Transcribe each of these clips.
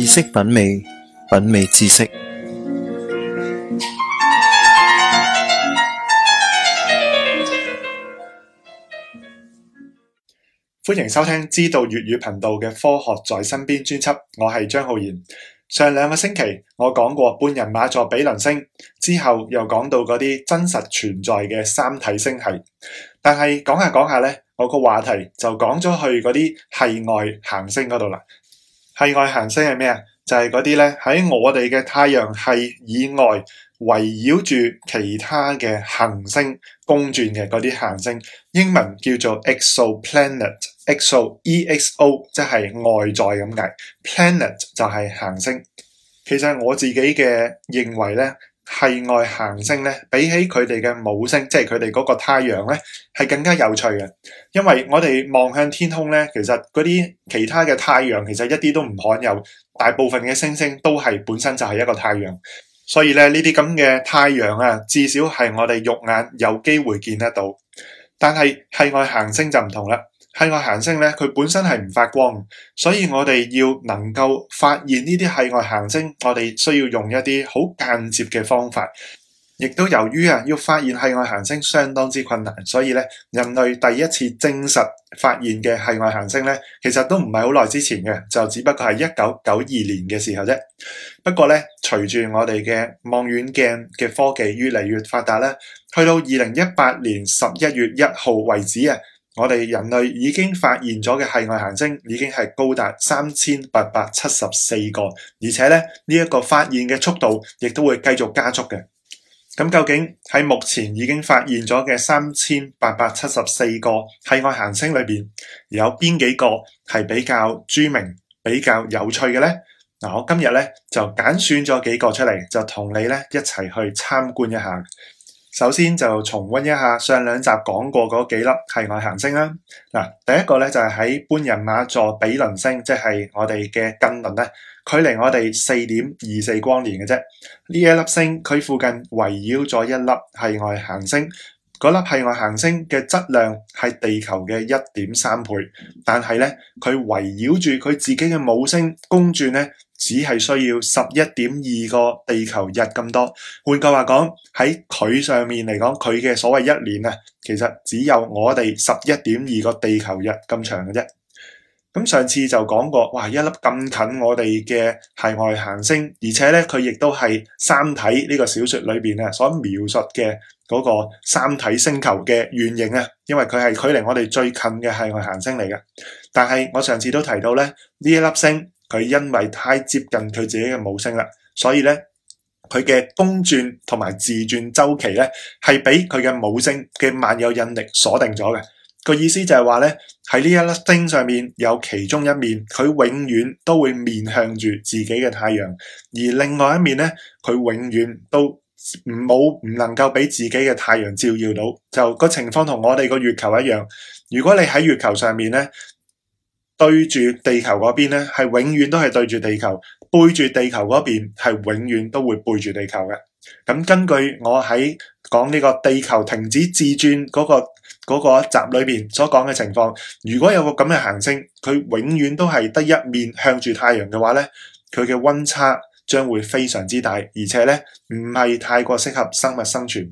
知識品味，品味知識。歡迎收聽知道粵語頻道嘅《科學在身邊》專輯，我係張浩然。上兩個星期我講過半人馬座比鄰星，之後又講到嗰啲真實存在嘅三體星係，但係講下講下呢，我個話題就講咗去嗰啲係外行星嗰度啦。系外行星係咩啊？就係嗰啲咧喺我哋嘅太陽系以外圍繞住其他嘅行星公轉嘅嗰啲行星，英文叫做 exoplanet，exo，E X O，即係外在咁解，planet 就係行星。其實我自己嘅認為咧。系外行星咧，比起佢哋嘅母星，即係佢哋嗰個太陽咧，係更加有趣嘅。因為我哋望向天空咧，其實嗰啲其他嘅太陽，其實一啲都唔罕有。大部分嘅星星都係本身就係一個太陽，所以咧，呢啲咁嘅太陽啊，至少係我哋肉眼有機會見得到。但係系外行星就唔同啦。系外行星咧，佢本身係唔發光，所以我哋要能夠發現呢啲系外行星，我哋需要用一啲好間接嘅方法。亦都由於啊，要發現系外行星相當之困難，所以咧，人類第一次證實發現嘅系外行星咧，其實都唔係好耐之前嘅，就只不過係一九九二年嘅時候啫。不過咧，隨住我哋嘅望遠鏡嘅科技越嚟越發達咧，去到二零一八年十一月一號為止啊，我哋人類已經發現咗嘅系外行星已經係高達三千八百七十四個，而且咧，呢一個發現嘅速度亦都會繼續加速嘅。咁究竟喺目前已經發現咗嘅三千八百七十四個系外行星裏邊，有邊幾個係比較著名，比較有趣嘅呢？嗱，我今日咧就揀選咗幾個出嚟，就同你咧一齊去參觀一下。首先就重溫一下上兩集講過嗰幾粒系外行星啦。嗱，第一個呢就係喺半人馬座比鄰星，即係我哋嘅近鄰呢，距離我哋四點二四光年嘅啫。呢一粒星佢附近圍繞咗一粒係外行星，嗰粒係外行星嘅質量係地球嘅一點三倍，但係呢，佢圍繞住佢自己嘅母星公轉呢只係需要十一點二個地球日咁多，換句話講，喺佢上面嚟講，佢嘅所謂一年啊，其實只有我哋十一點二個地球日咁長嘅啫。咁上次就講過哇一粒咁近我哋嘅系外行星，而且咧佢亦都係三體呢個小說裏邊咧所描述嘅嗰個三體星球嘅原型啊，因為佢係距離我哋最近嘅系外行星嚟嘅，但係我上次都提到咧呢一粒星佢因為太接近佢自己嘅母星啦，所以咧佢嘅公轉同埋自轉周期咧係俾佢嘅母星嘅萬有引力鎖定咗嘅。個意思就係話咧喺呢一粒星上面有其中一面，佢永遠都會面向住自己嘅太陽，而另外一面咧佢永遠都冇唔能夠俾自己嘅太陽照耀到，就個情況同我哋個月球一樣。如果你喺月球上面咧。對住地球嗰邊咧，係永遠都係對住地球；背住地球嗰邊，係永遠都會背住地球嘅。咁根據我喺講呢個地球停止自轉嗰個嗰個集裏邊所講嘅情況，如果有個咁嘅行星，佢永遠都係得一面向住太陽嘅話咧，佢嘅溫差將會非常之大，而且咧唔係太過適合生物生存。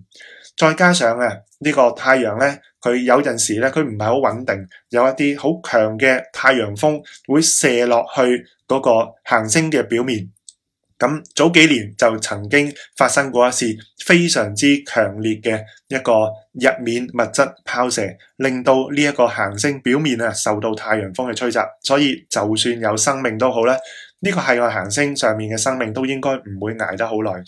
再加上啊，呢個太陽咧。佢有陣時咧，佢唔係好穩定，有一啲好強嘅太陽風會射落去嗰個行星嘅表面。咁早幾年就曾經發生過一次，非常之強烈嘅一個日冕物質拋射，令到呢一個行星表面啊受到太陽風嘅吹襲。所以就算有生命都好咧，呢個係外行星上面嘅生命都應該唔會捱得好耐。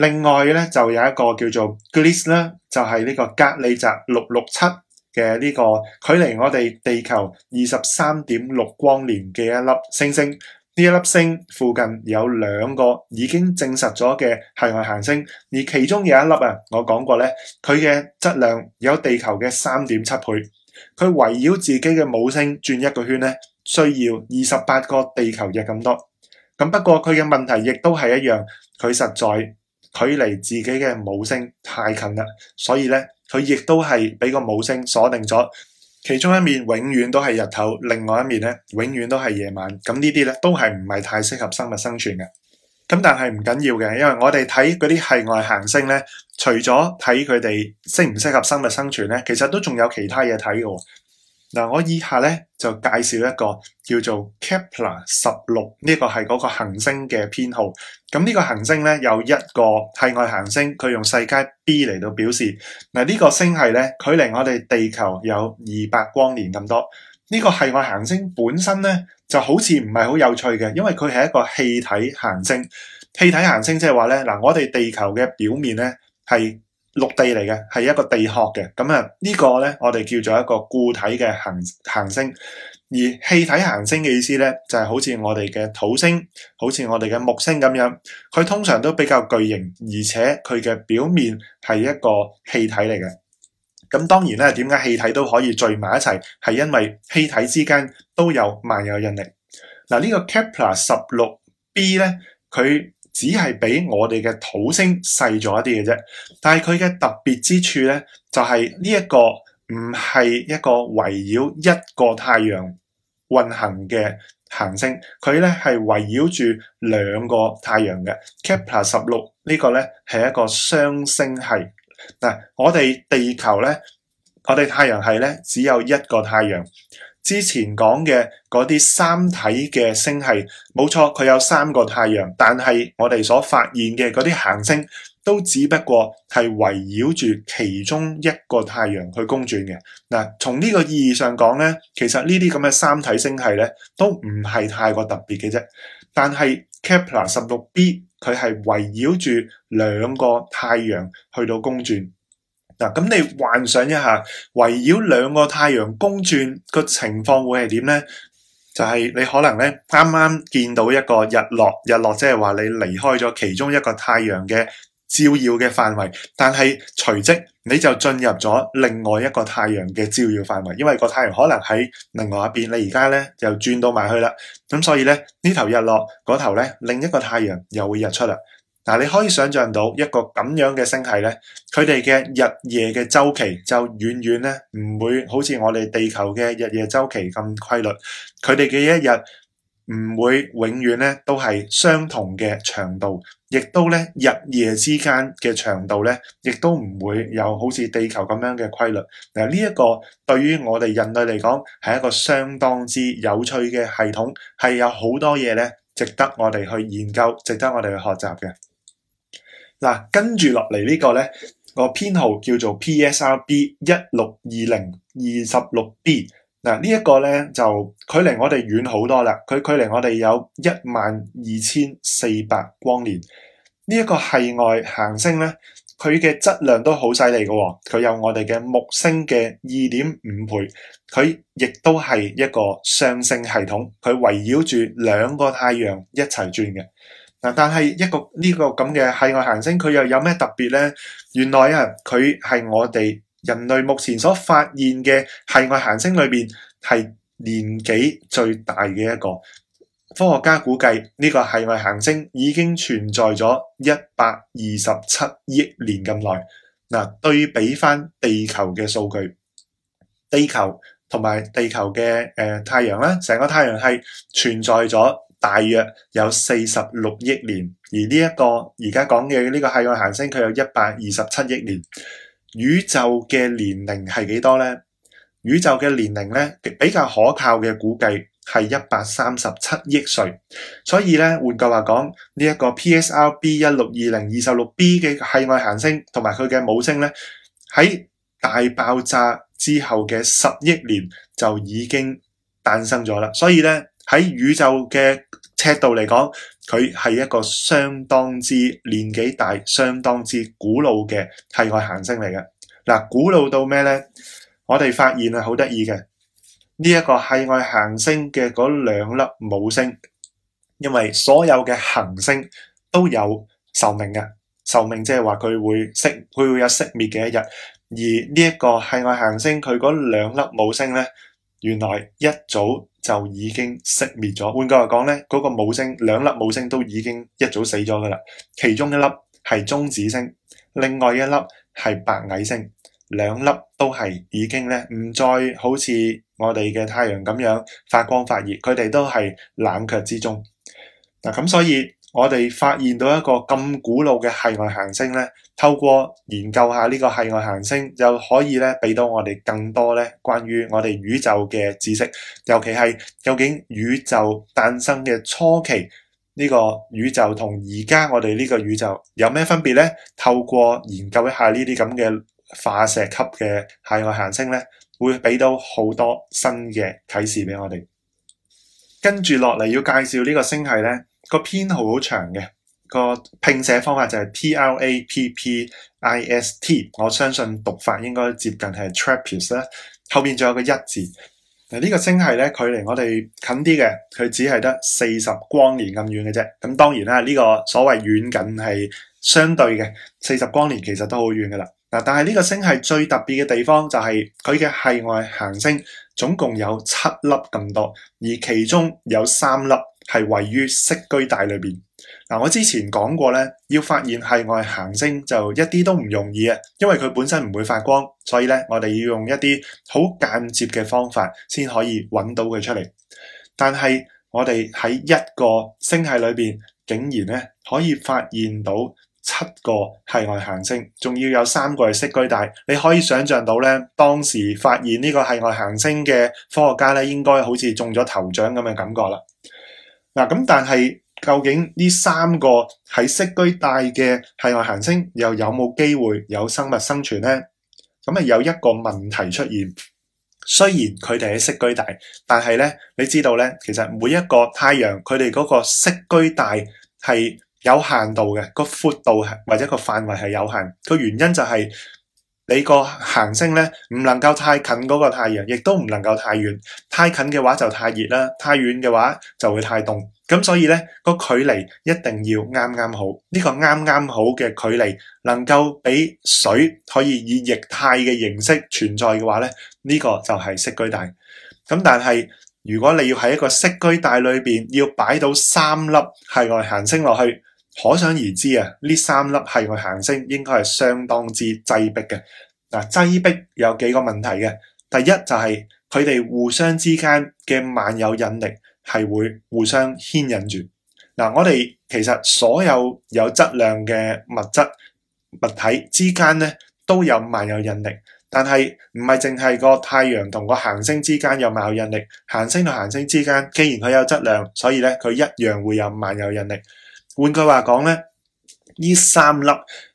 另外咧就有一個叫做 Gliese 咧，就係呢個格里澤六六七嘅呢個距離我哋地球二十三點六光年嘅一粒星星。呢一粒星附近有兩個已經證實咗嘅系外行星，而其中有一粒啊，我講過咧，佢嘅質量有地球嘅三點七倍，佢圍繞自己嘅母星轉一個圈咧，需要二十八個地球日咁多。咁不過佢嘅問題亦都係一樣，佢實在，距離自己嘅母星太近啦，所以咧佢亦都係俾個母星鎖定咗，其中一面永遠都係日頭，另外一面咧永遠都係夜晚。咁呢啲咧都係唔係太適合生物生存嘅。咁但係唔緊要嘅，因為我哋睇嗰啲系外行星咧，除咗睇佢哋適唔適合生物生存咧，其實都仲有其他嘢睇嘅。嗱，我以下咧就介紹一個叫做 Kepler 十六，呢個係嗰個行星嘅編號。咁呢個行星咧有一個系外行星，佢用世界 B 嚟到表示。嗱，呢個星系咧，佢離我哋地球有二百光年咁多。呢個系外行星本身咧就好似唔係好有趣嘅，因為佢係一個氣體行星。氣體行星即係話咧，嗱，我哋地球嘅表面咧係。是陸地嚟嘅係一個地殼嘅，咁啊呢個咧我哋叫做一個固體嘅行行星，而氣體行星嘅意思咧就係、是、好似我哋嘅土星，好似我哋嘅木星咁樣，佢通常都比較巨型，而且佢嘅表面係一個氣體嚟嘅。咁當然咧，點解氣體都可以聚埋一齊？係因為氣體之間都有萬有引力。嗱、這個，呢個 Kepler 十六 B 咧，佢。只係比我哋嘅土星細咗一啲嘅啫，但係佢嘅特別之處咧，就係呢一個唔係一個圍繞一個太陽運行嘅行星，佢咧係圍繞住兩個太陽嘅。Kepler-16 呢個咧係一個雙星系，嗱，我哋地球咧，我哋太陽系咧只有一個太陽。之前講嘅嗰啲三體嘅星系，冇錯，佢有三個太陽，但係我哋所發現嘅嗰啲行星都只不過係圍繞住其中一個太陽去公轉嘅。嗱，從呢個意義上講咧，其實呢啲咁嘅三體星系咧都唔係太過特別嘅啫。但係 Kepler-16b 佢係圍繞住兩個太陽去到公轉。嗱，咁你幻想一下，圍繞兩個太陽公轉個情況會係點咧？就係你可能咧，啱啱見到一個日落，日落即係話你離開咗其中一個太陽嘅照耀嘅範圍，但係隨即你就進入咗另外一個太陽嘅照耀範圍，因為個太陽可能喺另外一邊，你而家咧就轉到埋去啦。咁所以咧，呢頭日落，嗰頭咧另一個太陽又會日出啦。嗱，你可以想象到一個咁樣嘅星系咧，佢哋嘅日夜嘅週期就遠遠咧唔會好似我哋地球嘅日夜週期咁規律。佢哋嘅一日唔會永遠咧都係相同嘅長度，亦都咧日夜之間嘅長度咧，亦都唔會有好似地球咁樣嘅規律。嗱，呢一個對於我哋人類嚟講係一個相當之有趣嘅系統，係有好多嘢咧值得我哋去研究，值得我哋去學習嘅。嗱、啊，跟住落嚟呢個咧，個編號叫做 PSRB 一六二零二十六 B、啊。嗱、這個，呢一個咧就距離我哋遠好多啦，佢距離我哋有一萬二千四百光年。呢、這、一個係外行星咧，佢嘅質量都好犀利嘅，佢有我哋嘅木星嘅二點五倍。佢亦都係一個雙星系統，佢圍繞住兩個太陽一齊轉嘅。嗱，但係一個呢、這個咁嘅係外行星，佢又有咩特別咧？原來啊，佢係我哋人類目前所發現嘅係外行星裏邊係年紀最大嘅一個。科學家估計呢、這個係外行星已經存在咗一百二十七億年咁耐。嗱、啊，對比翻地球嘅數據，地球同埋地球嘅誒、呃、太陽啦，成個太陽系存在咗。大約有四十六億年，而呢一個而家講嘅呢個係外行星佢有一百二十七億年，宇宙嘅年齡係幾多呢？宇宙嘅年齡呢比較可靠嘅估計係一百三十七億歲，所以呢換句話講，呢一個 P S R B 一六二零二十六 B 嘅係外行星同埋佢嘅母星呢，喺大爆炸之後嘅十億年就已經誕生咗啦，所以呢喺宇宙嘅。尺度嚟講，佢係一個相當之年紀大、相當之古老嘅系外行星嚟嘅。嗱，古老到咩咧？我哋發現係好得意嘅，呢一個系外行星嘅嗰兩粒母星，因為所有嘅行星都有壽命嘅，壽命即係話佢會熄，佢會有熄滅嘅一日。而呢一個系外行星佢嗰兩粒母星咧，原來一早，就已經熄滅咗。換句話講咧，嗰、那個母星，兩粒母星都已經一早死咗㗎啦。其中一粒係中子星，另外一粒係白矮星，兩粒都係已經咧，唔再好似我哋嘅太陽咁樣發光發熱，佢哋都係冷卻之中。嗱咁所以。我哋發現到一個咁古老嘅系外行星咧，透過研究下呢個系外行星，又可以咧俾到我哋更多咧關於我哋宇宙嘅知識，尤其係究竟宇宙誕生嘅初期呢個宇宙同而家我哋呢個宇宙有咩分別咧？透過研究一下呢啲咁嘅化石級嘅系外行星咧，這個，會俾到好多新嘅啟示俾我哋。跟住落嚟要介紹呢個星系咧。個編號好長嘅，個拼寫方法就係 T R A P P I S T，我相信讀法應該接近係 Trappist 啦，後面仲有一個一字。嗱呢個星系咧，距離我哋近啲嘅，佢只係得四十光年咁遠嘅啫。咁當然啦，呢、呢個所謂遠近係相對嘅，四十光年其實都好遠噶啦。嗱，但係呢個星系最特別嘅地方就係佢嘅系外行星總共有七粒咁多，而其中有三粒，係位於色居帶裏面。嗱，我之前講過咧，要發現系外行星就一啲都唔容易啊，因為佢本身唔會發光，所以咧我哋要用一啲好間接嘅方法先可以揾到佢出嚟。但係我哋喺一個星系裏面，竟然咧可以發現到七個系外行星，仲要有三個係色居帶。你可以想象到咧，當時發現呢個系外行星嘅科學家咧，應該好似中咗頭獎咁嘅感覺啦。嗱，咁但係究竟呢三個喺適居帶嘅系外行星又有冇機會有生物生存咧？咁啊有一個問題出現，雖然佢哋喺適居帶，但係咧，你知道咧，其實每一個太陽佢哋嗰個適居帶係有限度嘅，個闊度係或者個範圍係有限，個原因就係。你個行星咧唔能夠太近嗰個太陽，亦都唔能夠太遠。太近嘅話就太熱啦，太遠嘅話就會太凍。咁所以咧個距離一定要啱啱好。呢個啱啱好嘅距離，能夠俾水可以以液態嘅形式存在嘅話咧，呢個就係適居帶。咁但係如果你要喺一個適居帶裏邊要擺到三粒系外行星落去。可想而知啊，呢三粒係個行星，應該係相當之擠迫嘅嗱。擠迫有幾個問題嘅，第一就係佢哋互相之間嘅萬有引力係會互相牽引住嗱。我哋其實所有有質量嘅物質物體之間咧都有萬有引力，但係唔係淨係個太陽同個行星之間有萬有引力，行星同行星之間既然佢有質量，所以咧佢一樣會有萬有引力。換句話講咧，呢三粒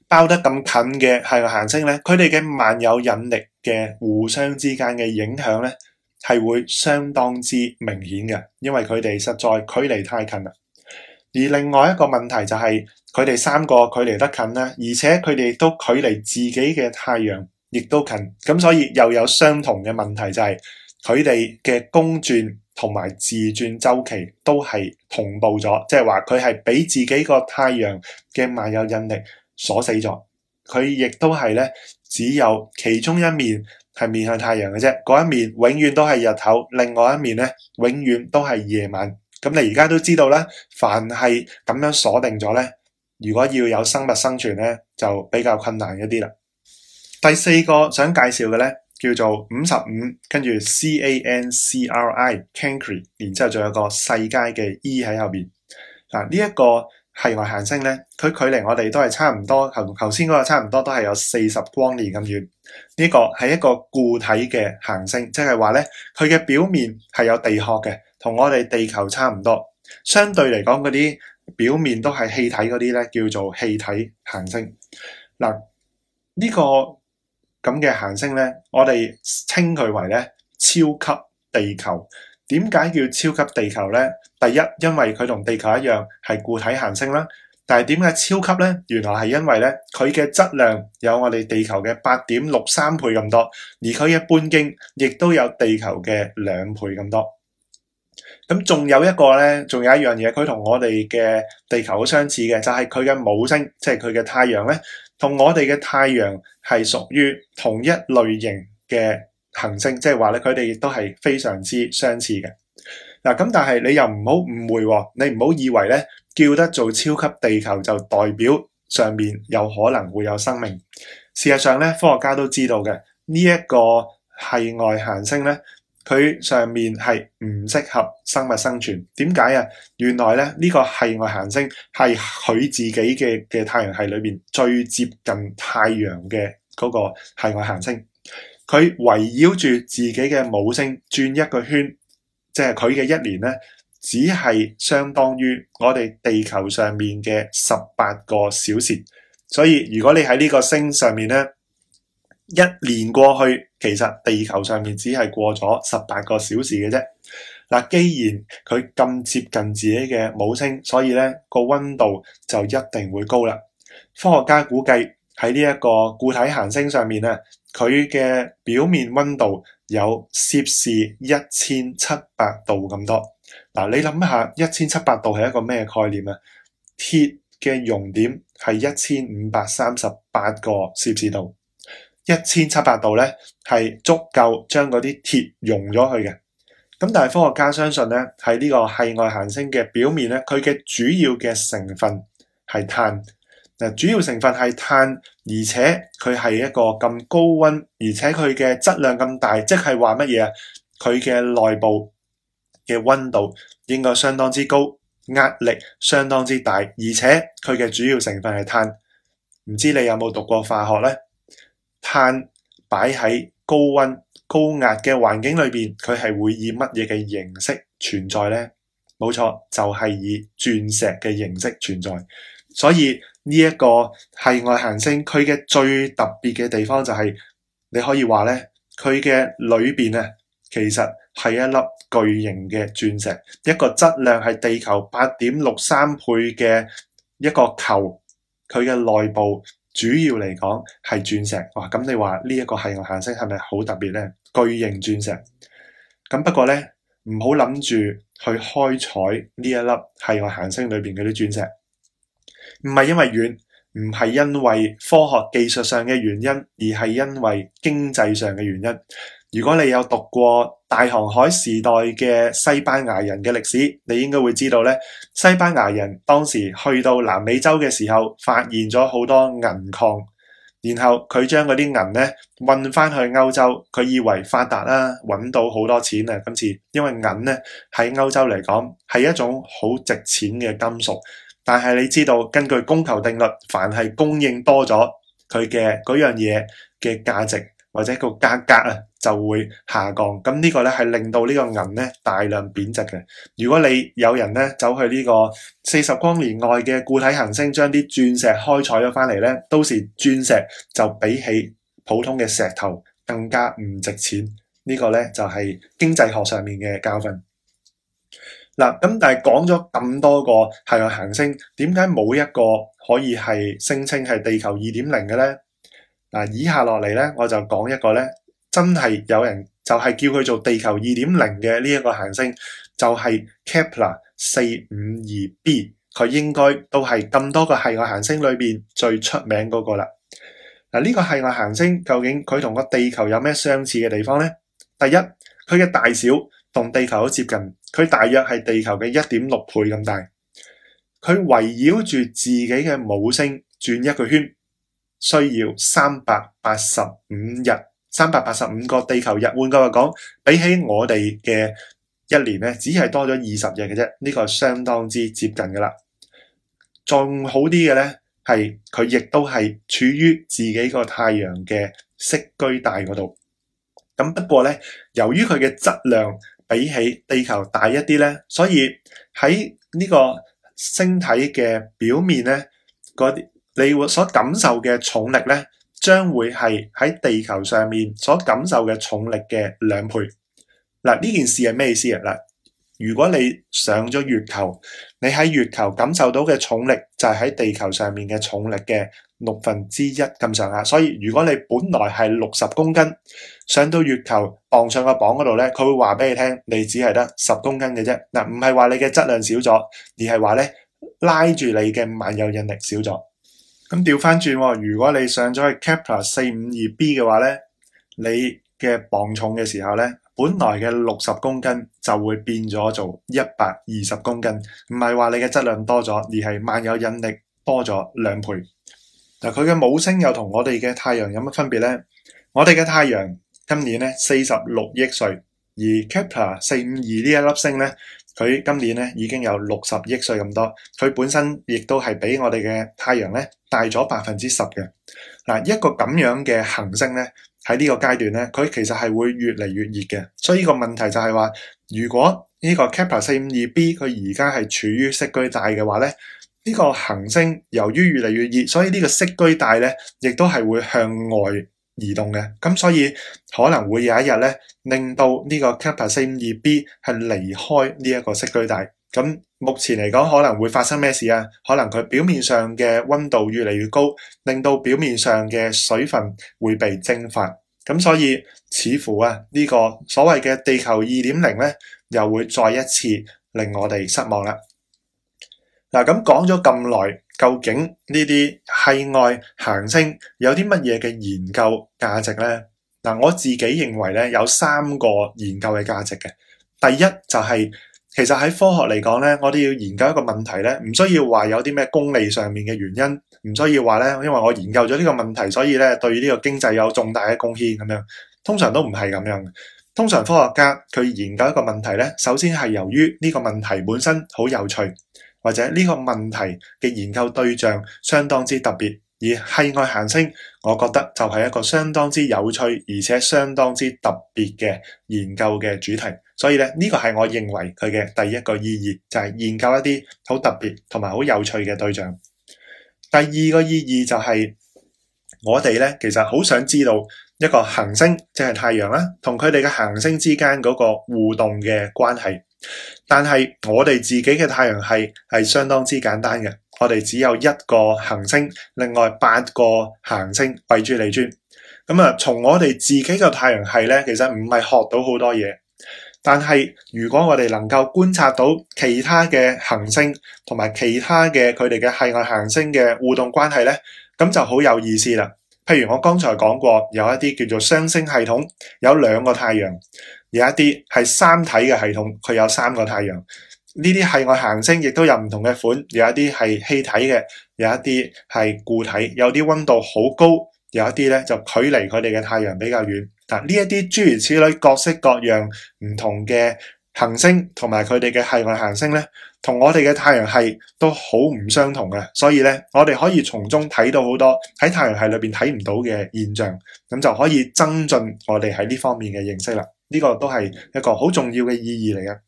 包得咁近嘅係個行星咧，佢哋嘅萬有引力嘅互相之間嘅影響咧，係會相當之明顯嘅，因為佢哋實在距離太近啦。而另外一個問題就係佢哋三個距離得近啦，而且佢哋都距離自己嘅太陽亦都近，咁所以又有相同嘅問題就係。佢哋嘅公轉同埋自轉周期都係同步咗，即係話佢係俾自己個太陽嘅萬有引力鎖死咗。佢亦都係咧，只有其中一面係面向太陽嘅啫，嗰一面永遠都係日頭，另外一面咧永遠都係夜晚。咁你而家都知道啦，凡係咁樣鎖定咗咧，如果要有生物生存咧，就比較困難一啲啦。第四個想介紹嘅咧。叫做五十五，跟住 C A N C R I，Cancri，然之後仲有個細楷嘅 E 喺後邊。嗱、這個，呢一個係外行星咧，佢距離我哋都係差唔多，同頭先嗰個差唔多，都係有四十光年咁遠。呢、這個係一個固體嘅行星，即係話咧，佢嘅表面係有地殼嘅，同我哋地球差唔多。相對嚟講，嗰啲表面都係氣體嗰啲咧，叫做氣體行星。嗱，呢個。咁嘅行星咧，我哋稱佢為咧超級地球。點解叫超級地球咧？第一，因為佢同地球一樣係固體行星啦。但係點解超級咧？原來係因為咧佢嘅質量有我哋地球嘅八點六三倍咁多，而佢嘅半徑亦都有地球嘅兩倍咁多。咁仲有一個咧，仲有一樣嘢，佢同我哋嘅地球好相似嘅，就係佢嘅母星，即係佢嘅太陽咧。同我哋嘅太陽系屬於同一類型嘅行星，即係話咧，佢哋亦都係非常之相似嘅。嗱，咁但係你又唔好誤會，你唔好以為咧叫得做超級地球就代表上面有可能會有生命。事實上咧，科學家都知道嘅呢一個系外行星咧，佢上面係唔適合生物生存，點解啊？原來咧，呢個系外行星係佢自己嘅嘅太陽系裏面最接近太陽嘅嗰個系外行星。佢圍繞住自己嘅母星轉一個圈，即係佢嘅一年咧，只係相當於我哋地球上面嘅十八個小時。所以如果你喺呢個星上面咧，一年過去，其實地球上面只係過咗十八個小時嘅啫。嗱，既然佢咁接近自己嘅母星，所以咧個温度就一定會高啦。科學家估計喺呢一個固體行星上面咧，佢嘅表面温度有攝氏一千七百度咁多。嗱，你諗一下，一千七百度係一個咩概念啊？鐵嘅熔點係一千五百三十八個攝氏度。一千七百度咧，係足夠將嗰啲鐵溶咗去嘅。咁但係科學家相信咧，喺呢個系外行星嘅表面咧，佢嘅主要嘅成分係碳。嗱，主要成分係碳，而且佢係一個咁高温，而且佢嘅質量咁大，即係話乜嘢啊？佢嘅內部嘅温度應該相當之高，壓力相當之大，而且佢嘅主要成分係碳。唔知你有冇讀過化學咧？碳擺喺高温高壓嘅環境裏邊，佢係會以乜嘢嘅形式存在呢？冇錯，就係以鑽石嘅形式存在。所以呢一個系外行星，佢嘅最特別嘅地方就係，你可以話咧，佢嘅裏邊呢，其實係一粒巨型嘅鑽石，一個質量係地球八點六三倍嘅一個球，佢嘅內部，主要嚟講係鑽石，哇！咁你話呢一個系外行星係咪好特別呢？巨型鑽石，咁不過呢，唔好諗住去開採呢一粒係外行星裏面嗰啲鑽石，唔係因為遠，唔係因為科學技術上嘅原因，而係因為經濟上嘅原因。如果你有讀過大航海時代嘅西班牙人嘅歷史，你應該會知道咧。西班牙人當時去到南美洲嘅時候，發現咗好多銀礦，然後佢將嗰啲銀咧運翻去歐洲，佢以為發達啦，揾到好多錢啊。今次因為銀咧喺歐洲嚟講係一種好值錢嘅金屬，但係你知道根據供求定律，凡係供應多咗，佢嘅嗰樣嘢嘅價值或者個價格啊，就會下降，咁呢個咧係令到呢個銀咧大量貶值嘅。如果你有人咧走去呢個四十光年外嘅固體行星，將啲鑽石開採咗翻嚟咧，到時鑽石就比起普通嘅石頭更加唔值錢。這個、呢個咧就係、是、經濟學上面嘅教訓。嗱，咁但係講咗咁多個系外行星，點解冇一個可以係聲稱係地球二點零嘅咧？嗱，以下落嚟咧，我就講一個咧。真係有人就係叫佢做地球二點零嘅，呢一個行星，就係 Kepler 四五二 B，佢應該都係咁多個系外行星裏邊最出名嗰個啦。嗱，呢個系外行星究竟佢同個地球有咩相似嘅地方呢？第一，佢嘅大小同地球好接近，佢大約係地球嘅一點六倍咁大。佢圍繞住自己嘅母星轉一個圈，需要三百八十五日。三百八十五個地球日，換句話講，比起我哋嘅一年咧，只係多咗二十日嘅啫。呢個相當之接近㗎喇。仲好啲嘅咧，係佢亦都係處於自己個太陽嘅適居帶嗰度。咁不過咧，由於佢嘅質量比起地球大一啲咧，所以喺呢個星體嘅表面咧，嗰啲你會所感受嘅重力咧。將會係喺地球上面所感受嘅重力嘅兩倍。嗱，呢件事係咩意思啊？嗱，如果你上咗月球，你喺月球感受到嘅重力就係喺地球上面嘅重力嘅六分之一咁上下。所以如果你本來係六十公斤，上到月球，磅上個磅嗰度咧，佢會話俾你聽，你只係得十公斤嘅啫。嗱，唔係話你嘅質量少咗，而係話咧，拉住你嘅萬有引力少咗。咁調翻轉，如果你上咗去 Kepler 四五二 B 嘅話咧，你嘅磅重嘅時候咧，本來嘅六十公斤就會變咗做一百二十公斤，唔係話你嘅質量多咗，而係萬有引力多咗兩倍。嗱，佢嘅母星又同我哋嘅太陽有乜分別咧？我哋嘅太陽今年咧四十六億歲，而 Kepler 四五二呢一粒星咧。佢今年咧已經有六十億歲咁多，佢本身亦都係比我哋嘅太陽咧大咗百分之十嘅。嗱，一個咁樣嘅行星咧喺呢個階段咧，佢其實係會越嚟越熱嘅。所以呢個問題就係話，如果呢個 Kepler 四五二 B 佢而家係處於適居帶嘅話咧，呢、這個行星由於越嚟越熱，所以個息呢個適居帶咧亦都係會向外移動嘅，咁所以可能會有一日咧，令到呢個 Kepler-452b 係離開呢一個適居帶。咁目前嚟講，可能會發生咩事啊？可能佢表面上嘅溫度越嚟越高，令到表面上嘅水分會被蒸發。咁所以似乎啊，呢個所謂嘅地球二點零咧，又會再一次令我哋失望啦。嗱，咁講咗咁耐。究竟呢啲系外行星有啲乜嘢嘅研究價值咧？嗱，我自己認為咧，有三個研究嘅價值嘅。第一就係，其實喺科學嚟講咧，我哋要研究一個問題咧，唔需要話有啲咩功利上面嘅原因，唔需要話咧，因為我研究咗呢個問題，所以咧對呢個經濟有重大嘅貢獻咁樣。通常都唔係咁樣。通常科學家佢研究一個問題咧，首先係由於呢個問題本身好有趣。或者呢個問題嘅研究對象相當之特別，而系外行星，我覺得就係一個相當之有趣而且相當之特別嘅研究嘅主題。所以咧，呢、這個係我認為佢嘅第一個意義，就係、是、研究一啲好特別同埋好有趣嘅對象。第二個意義就係、是、我哋咧，其實好想知道一個行星，即、就、係、是、太陽啦，同佢哋嘅行星之間嗰個互動嘅關係。但係我哋自己嘅太陽系係相當之簡單嘅，我哋只有一個行星，另外八個行星圍住你轉。咁啊，從我哋自己嘅太陽系咧，其實唔係學到好多嘢。但係如果我哋能夠觀察到其他嘅行星同埋其他嘅佢哋嘅系外行星嘅互動關係咧，咁就好有意思啦。譬如我剛才講過，有一啲叫做雙星系統，有兩個太陽。有一啲係三體嘅系統，佢有三個太陽。呢啲系外行星，亦都有唔同嘅款。有一啲係氣體嘅，有一啲係固體，有啲溫度好高，有一啲咧就距離佢哋嘅太陽比較遠。嗱，呢一啲諸如此類，各式各樣唔同嘅行星同埋佢哋嘅系外行星咧，同我哋嘅太陽系都好唔相同嘅。所以咧，我哋可以從中睇到好多喺太陽系裏邊睇唔到嘅現象，咁就可以增進我哋喺呢方面嘅認識啦。呢個都係一個好重要嘅意義嚟嘅，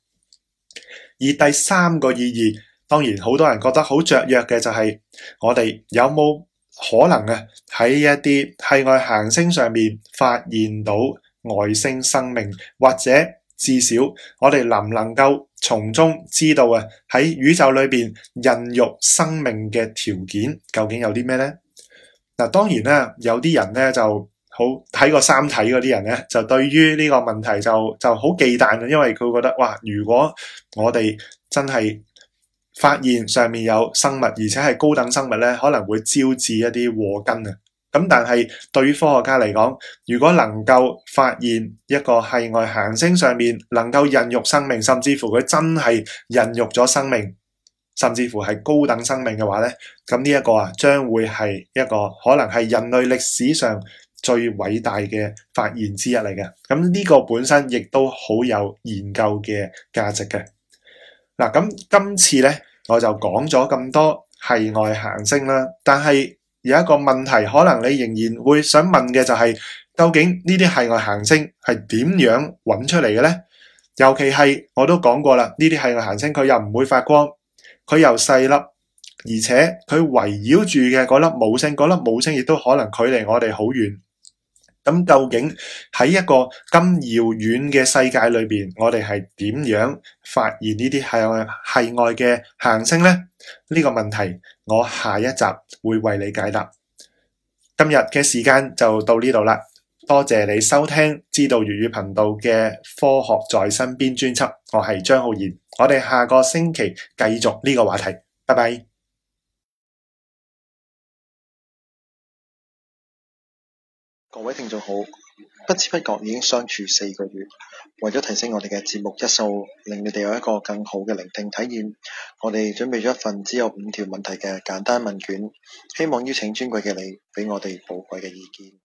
而第三個意義，當然好多人覺得好雀躍嘅，就係我哋有冇可能啊，喺一啲系外行星上面發現到外星生命，或者至少我哋能唔能夠從中知道啊，喺宇宙裏邊孕育生命嘅條件究竟有啲咩呢？嗱，當然咧，有啲人咧就。好睇過三體嗰啲人咧，就對於呢個問題就就好忌憚嘅，因為佢覺得哇，如果我哋真係發現上面有生物，而且係高等生物咧，可能會招致一啲禍根啊！咁但係對於科學家嚟講，如果能夠發現一個系外行星上面能夠孕育生命，甚至乎佢真係孕育咗生命，甚至乎係高等生命嘅話咧，咁呢一個啊，將會係一個可能係人類歷史上，最偉大嘅發現之一嚟嘅，咁呢個本身亦都好有研究嘅價值嘅。嗱，咁今次咧，我就講咗咁多系外行星啦。但係有一個問題，可能你仍然會想問嘅就係，究竟呢啲系外行星係點樣揾出嚟嘅咧？尤其係我都講過啦，呢啲系外行星佢又唔會發光，佢又細粒，而且佢圍繞住嘅嗰粒母星，嗰粒母星亦都可能距離我哋好遠。咁究竟喺一個咁遙遠嘅世界裏邊，我哋係點樣發現呢啲系外系外嘅行星呢？呢個問題我下一集會為你解答。今日嘅時間就到呢度啦，多謝你收聽知道粵語頻道嘅科學在身邊專輯，我係張浩然，我哋下個星期繼續呢個話題，拜拜。各位聽眾好，不知不覺已經相處四個月，為咗提升我哋嘅節目質素，令你哋有一個更好嘅聆聽體驗，我哋準備咗一份只有五條問題嘅簡單問卷，希望邀請尊貴嘅你俾我哋寶貴嘅意見。